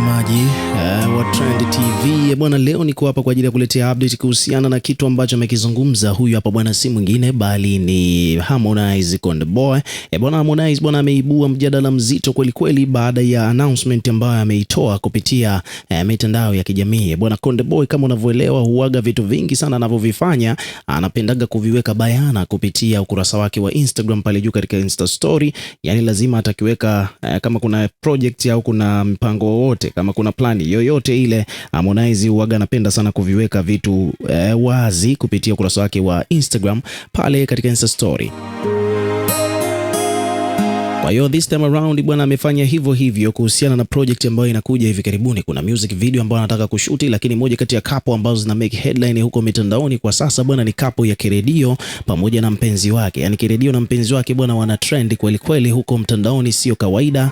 mtazamaji uh, wa Trend TV bwana, leo niko hapa kwa ajili ya kuletea update kuhusiana na kitu ambacho amekizungumza huyu hapa bwana, si mwingine bali ni Harmonize Konde Boy. E eh, bwana, Harmonize bwana ameibua mjadala mzito kweli kweli baada ya announcement ambayo ameitoa kupitia uh, mitandao ya kijamii. bwana, Konde Boy kama unavyoelewa, huaga vitu vingi sana anavyovifanya, anapendaga kuviweka bayana kupitia ukurasa wake wa Instagram pale juu katika Insta story, yani lazima atakiweka uh, kama kuna project au kuna mpango wowote yoyote, kama kuna plani yoyote ile, Harmonize huaga anapenda sana kuviweka vitu eh, wazi kupitia ukurasa wake wa Instagram pale katika Insta story. Kwa hiyo this time around bwana amefanya hivyo hivyo kuhusiana na project ambayo inakuja hivi karibuni. Kuna music video ambayo anataka kushuti, lakini moja kati ya kapo ambazo zina make headline huko mitandaoni kwa sasa bwana ni kapo ya Kiredio pamoja na mpenzi wake, yaani Kiredio na mpenzi wake bwana wana trend kweli kweli huko mtandaoni, sio kawaida.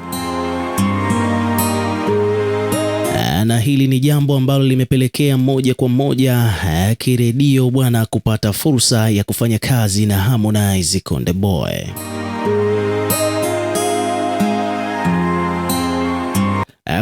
na hili ni jambo ambalo limepelekea moja kwa moja eh, kiredio bwana kupata fursa ya kufanya kazi na Harmonize Konde Boy.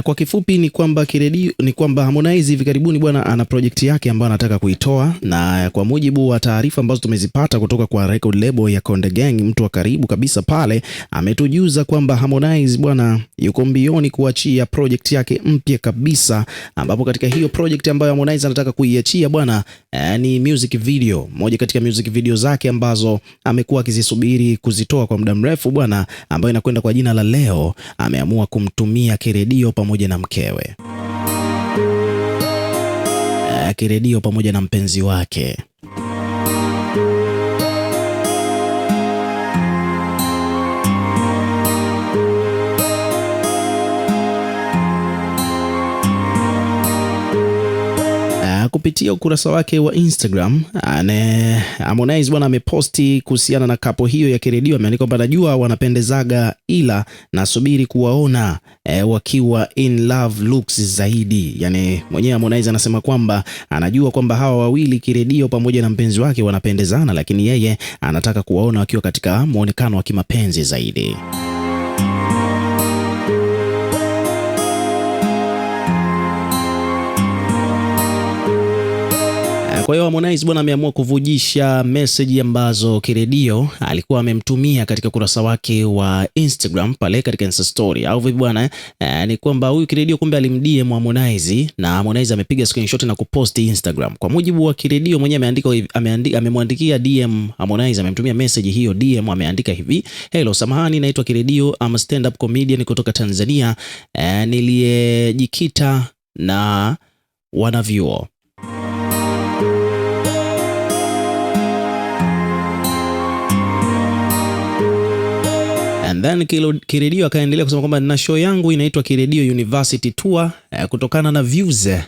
Kwa kifupi ni kwamba kiredio, ni kwamba Harmonize hivi karibuni bwana ana project yake ambayo anataka kuitoa, na kwa mujibu wa taarifa ambazo tumezipata kutoka kwa record label ya Konde Gang, mtu wa karibu kabisa pale ametujuza kwamba Harmonize bwana yuko mbioni kuachia project yake mpya kabisa, ambapo katika hiyo project ambayo Harmonize anataka kuiachia bwana eh, ni music video moja katika music video zake ambazo amekuwa akizisubiri kuzitoa kwa muda mrefu bwana, ambayo inakwenda kwa jina la Leo, ameamua kumtumia Kiredio pamoja na mkewe, akiredio pamoja na mpenzi wake. kupitia ukurasa wake wa Instagram ane Harmonize bwana ameposti kuhusiana na kapo hiyo ya kiredio, ameandika kwamba najua wanapendezaga, ila nasubiri kuwaona e, wakiwa in love looks zaidi. Yani mwenyewe Harmonize anasema kwamba anajua kwamba hawa wawili kiredio pamoja na mpenzi wake wanapendezana, lakini yeye anataka kuwaona wakiwa katika muonekano wa kimapenzi zaidi. Kwa hiyo Harmonize bwana ameamua kuvujisha message ambazo kiredio alikuwa amemtumia katika ukurasa wake wa Instagram pale katika Insta story au vipi bwana eh? Ni kwamba huyu kiredio kumbe alimdie Harmonize na Harmonize amepiga screenshot na kuposti Instagram. Kwa mujibu wa kiredio mwenyewe ameandika ameandika amemwandikia DM Harmonize, amemtumia message hiyo DM, ameandika hivi: hello, samahani, naitwa Kiredio, I'm a stand up comedian kutoka Tanzania eh, niliyejikita na wanavyuo then Kiredio akaendelea kusema kwamba na show yangu inaitwa Kiredio University Tour eh, kutokana na views eh,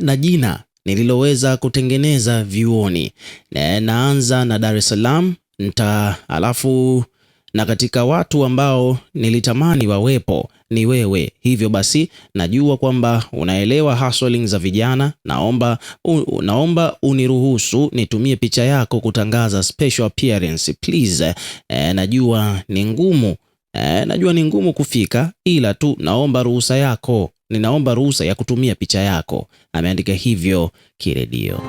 na jina nililoweza kutengeneza vyuoni. Eh, naanza na Dar es Salaam nta alafu na katika watu ambao nilitamani wawepo ni wewe. Hivyo basi najua kwamba unaelewa hustling za vijana. Naomba, u, naomba uniruhusu nitumie picha yako kutangaza special appearance please. E, najua ni ngumu e, najua ni ngumu kufika, ila tu naomba ruhusa yako, ninaomba ruhusa ya kutumia picha yako. Ameandika hivyo Kiredio.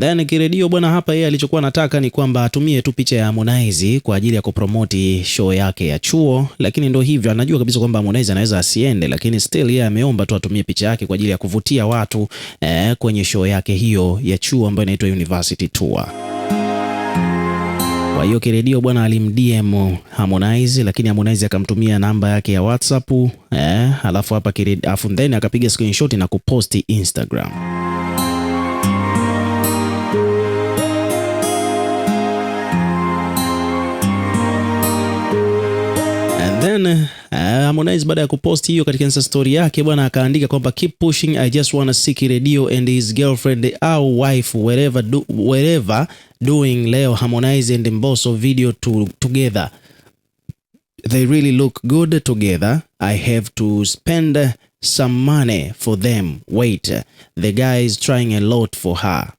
Then kiredio bwana hapa yeye alichokuwa anataka ni kwamba atumie tu picha ya Harmonize kwa ajili ya kupromoti show yake ya chuo, lakini ndo hivyo, anajua kabisa kwamba Harmonize anaweza asiende, lakini still yeye ameomba tu atumie picha yake kwa ajili ya kuvutia watu eh, kwenye show yake hiyo ya chuo ambayo inaitwa University Tour. Kwa hiyo Kiredio bwana alimdm Harmonize, lakini Harmonize akamtumia namba yake ya WhatsApp eh, alafu hapa kiredio, afu then akapiga screenshot na kuposti Instagram. then uh, Harmonize baada ya kupost hiyo katika Insta story yake bwana, akaandika kwamba keep pushing I just wanna seek radio and his girlfriend au wife wherever do, wherever doing leo Harmonize and Mbosso video to, together they really look good together I have to spend some money for them wait the guy is trying a lot for her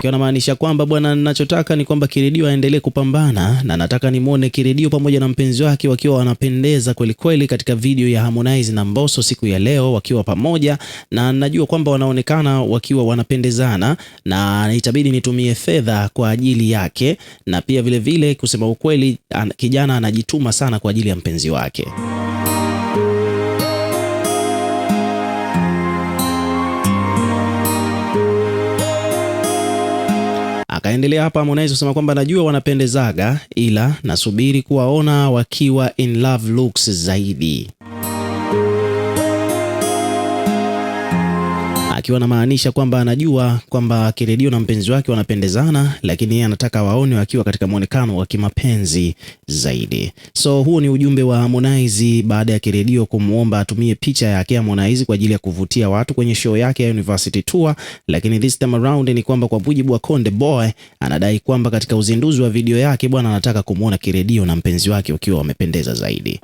ikiwa namaanisha kwamba bwana, ninachotaka ni kwamba Kiredio aendelee kupambana na nataka nimwone Kiredio pamoja na mpenzi wake wakiwa wanapendeza kweli kweli katika video ya Harmonize na Mbosso siku ya leo wakiwa pamoja, na najua kwamba wanaonekana wakiwa wanapendezana na itabidi nitumie fedha kwa ajili yake, na pia vilevile vile, kusema ukweli, kijana anajituma sana kwa ajili ya mpenzi wake. Anaendelea hapa Harmonize kusema kwamba najua wanapendezaga, ila nasubiri kuwaona wakiwa in love looks zaidi. akiwa anamaanisha kwamba anajua kwamba Kiredio na mpenzi wake wanapendezana, lakini yeye anataka waone wakiwa katika mwonekano wa kimapenzi zaidi. So huu ni ujumbe wa Harmonize baada ya Kiredio kumwomba atumie picha yake ya Harmonize kwa ajili ya kuvutia watu kwenye show yake ya University Tour, lakini this time around ni kwamba kwa mujibu wa Konde Boy anadai kwamba katika uzinduzi wa video yake bwana anataka kumwona Kiredio na mpenzi wake wakiwa wamependeza zaidi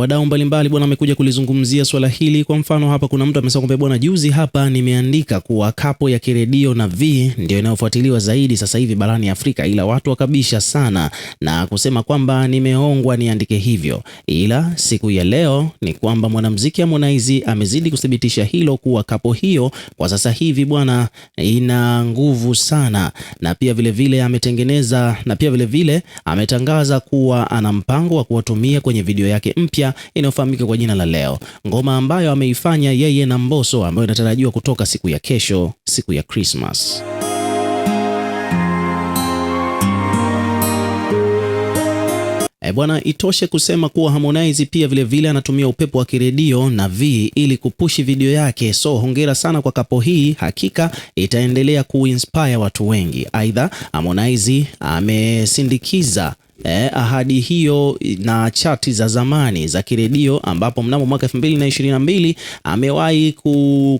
wadau mbalimbali bwana amekuja kulizungumzia swala hili. Kwa mfano hapa kuna mtu amesema kwamba bwana, juzi hapa nimeandika kuwa kapo ya kiredio na V ndio inayofuatiliwa zaidi sasa hivi barani Afrika, ila watu wakabisha sana na kusema kwamba nimeongwa niandike hivyo, ila siku ya leo ni kwamba mwanamuziki Harmonize amezidi kuthibitisha hilo kuwa kapo hiyo kwa sasa hivi bwana ina nguvu sana, na pia vilevile vile ametengeneza na pia vile vile ametangaza kuwa ana mpango wa kuwatumia kwenye video yake mpya inayofahamika kwa jina la Leo, ngoma ambayo ameifanya yeye na Mbosso, ambayo inatarajiwa kutoka siku ya kesho, siku ya Christmas. E bwana, itoshe kusema kuwa Harmonize pia vilevile vile anatumia upepo wa kiredio na V ili kupushi video yake, so hongera sana kwa kapo hii, hakika itaendelea kuinspire watu wengi. Aidha, Harmonize amesindikiza eh, ahadi hiyo na chati za zamani za kiredio, ambapo mnamo mwaka 2022 amewahi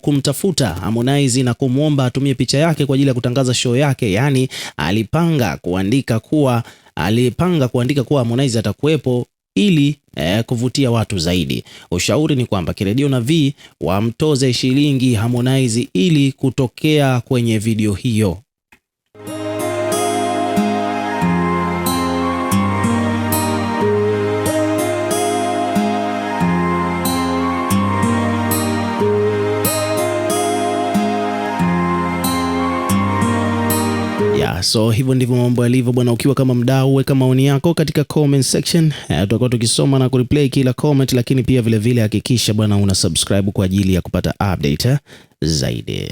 kumtafuta Harmonize na kumwomba atumie picha yake kwa ajili ya kutangaza show yake. Yaani alipanga kuandika kuwa alipanga kuandika kuwa Harmonize atakuwepo ili eh, kuvutia watu zaidi. Ushauri ni kwamba Kiredio na V wamtoze shilingi Harmonize ili kutokea kwenye video hiyo. So hivyo ndivyo mambo yalivyo bwana. Ukiwa kama mdau, weka maoni yako katika comment section, eh, tutakuwa tukisoma na kureplay kila comment, lakini pia vilevile hakikisha vile bwana una subscribe kwa ajili ya kupata update eh, zaidi.